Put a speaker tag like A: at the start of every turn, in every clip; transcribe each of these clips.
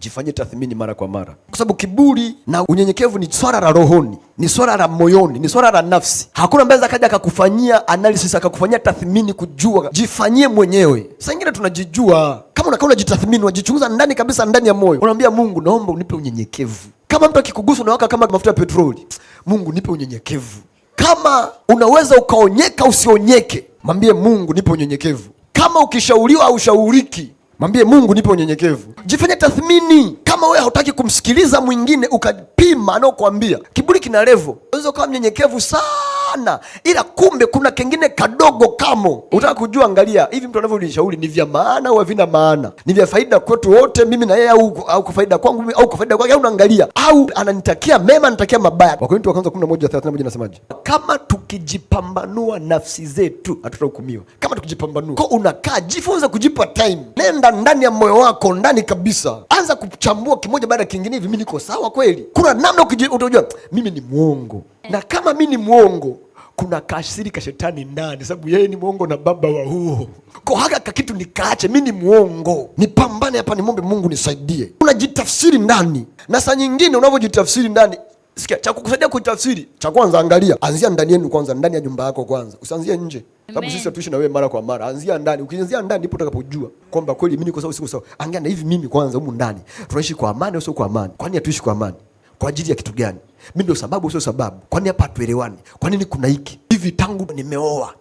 A: Jifanyie tathmini mara kwa mara, kwa sababu kiburi na unyenyekevu ni swala la rohoni, ni swala la moyoni, ni swala la nafsi. Hakuna mbeza kaja akakufanyia analysis akakufanyia tathmini kujua. Jifanyie mwenyewe. Saa ingine tunajijua kama unakaa unajitathmini, unajichunguza ndani kabisa, ndani ya moyo unamwambia Mungu, naomba unipe unyenyekevu. Kama mtu akikugusa unawaka kama mafuta ya petroli, Mungu nipe unyenyekevu. Kama unaweza ukaonyeka usionyeke, mwambie Mungu nipe unyenyekevu. Kama ukishauriwa au ushauriki, Mwambie Mungu, nipe unyenyekevu. Jifanye tathmini. Kama wewe hautaki kumsikiliza mwingine, ukapima anaokuambia. Kiburi kina levo, unaweza ukawa mnyenyekevu sana, ila kumbe kuna kengine kadogo tamu. Utaka kujua, angalia hivi mtu anavyonishauri ni vya maana au havina maana, ni vya faida kwetu wote, mimi na yeye, au au kwa faida kwangu mimi au kwa faida kwake, au naangalia au ananitakia mema, ananitakia mabaya. Wakorintho wa kwanza 11:31 nasemaje? Kama tukijipambanua nafsi zetu hatutahukumiwa. Kama tukijipambanua, kwa unakaa jifunza kujipa time, nenda ndani ya moyo wako, ndani kabisa, anza kuchambua kimoja baada ya kingine, hivi mimi niko sawa kweli? Kuna namna utajua mimi ni mwongo, na kama mimi ni mwongo kuna kasiri ka shetani ndani, sababu yeye ni mwongo na baba wa huo ko haka ka kitu nikaache, mi ni mwongo, nipambane hapa, nimombe Mungu nisaidie. Unajitafsiri ndani, na saa nyingine unavyojitafsiri ndani Sikia, cha kukusaidia kuitafsiri, cha kwanza, angalia, anzia ndani yenu kwanza, ndani ya nyumba yako kwanza, usianzie nje, sababu sisi hatuishi na wewe mara kwa mara. Anzia ndani, ukianzia ndani ndipo utakapojua kwamba kweli mimi niko sawa, siko sawa. Angalia na hivi, mimi kwanza humu ndani tunaishi kwa amani au sio kwa amani? Kwani hatuishi kwa amani kwa ajili ya kitu gani? mi ndio sababu, sio sababu. Kwani hapa tuelewani Kwa nini kuna hiki hivi? Tangu nimeoa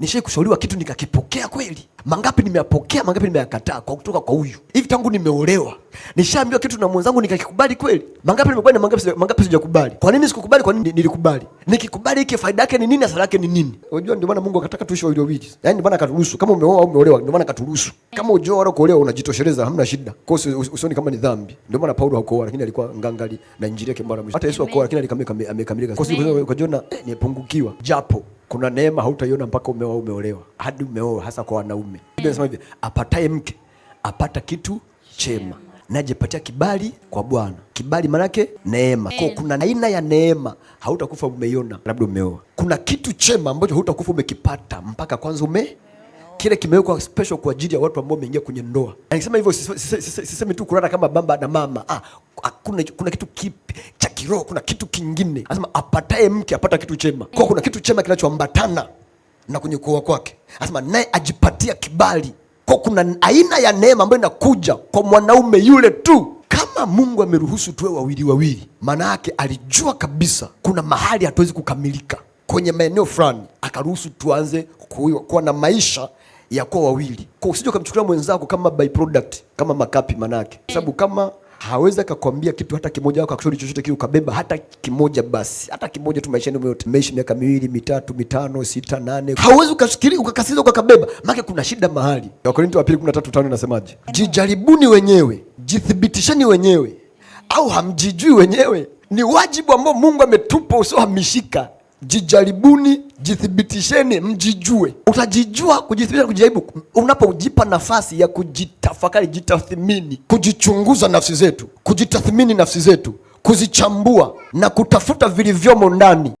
A: Nishai kushauriwa kitu nikakipokea kweli. Mangapi nimeyapokea, mangapi nimeyakataa kwa kutoka kwa huyu. Hivi tangu nimeolewa, nishaambiwa kitu na mwenzangu nikakikubali kweli. Mangapi nimekubali na mangapi mangapi sijakubali. Kwa nini sikukubali? Kwa nini nilikubali? Nikikubali hiki faida yake ni nini? Hasara yake ni nini? Unajua ndio maana Mungu akataka tuishi walio wili. Yaani ndio maana akaturuhusu. Kama umeoa au umeolewa ndio maana akaturuhusu. Kama ujoa au kuolewa unajitosheleza, hamna shida. Kwa hiyo usioni kama ni dhambi. Ndio maana Paulo hakuoa lakini alikuwa ngangali na injili yake mbara mwisho. Hata Yesu hakuoa lakini alikamilika amekamilika. Kwa hiyo kwa Jona eh, nipungukiwa japo kuna neema hautaiona mpaka umeoa, umeolewa hadi umeoa, hasa kwa wanaume. Biblia inasema hivi, apataye mke apata kitu chema najipatia kibali kwa Bwana. Kibali manake neema. Kwa kuna aina ya neema hautakufa umeiona, labda umeoa. Kuna kitu chema ambacho hautakufa umekipata mpaka kwanza ume kile kimewekwa special kwa ajili ya watu ambao wameingia kwenye ndoa. Anasema hivyo sisemi tu kulala kama baba na mama. Ah, hakuna, kuna kitu kipi cha kiroho, kuna kitu kingine. Anasema apataye mke apata kitu chema, kwa kuna kitu chema kinachoambatana na kwenye kuoa kwake. Anasema naye ajipatia kibali, kwa kuna aina ya neema ambayo inakuja kwa mwanaume yule tu kama Mungu ameruhusu tuwe wawili wawili, maana yake alijua kabisa kuna mahali hatuwezi kukamilika kwenye maeneo fulani, akaruhusu tuanze kuwa na maisha ya kuwa wawili, kwa usije ukamchukulia mwenzako kama byproduct, kama makapi, maana yake sababu kama hawezi akakwambia kitu hata kimoja, akakushauri chochote kile ukabeba hata kimoja, basi hata kimoja tu maisha yenu yote. miaka miwili mitatu mitano sita nane, hauwezi ukashikiri ukakasiza ukakabeba, maana kuna shida mahali. Wakorintho wa pili 13:5 inasemaje? Jijaribuni wenyewe, jithibitisheni wenyewe, au hamjijui wenyewe? Ni wajibu ambao Mungu ametupa usiohamishika. Jijaribuni, jithibitisheni, mjijue. Utajijua, kujithibitisha, kujaribu unapojipa nafasi ya kujit kutafakari, jitathmini, kujichunguza nafsi zetu, kujitathmini nafsi zetu, kuzichambua na kutafuta vilivyomo ndani.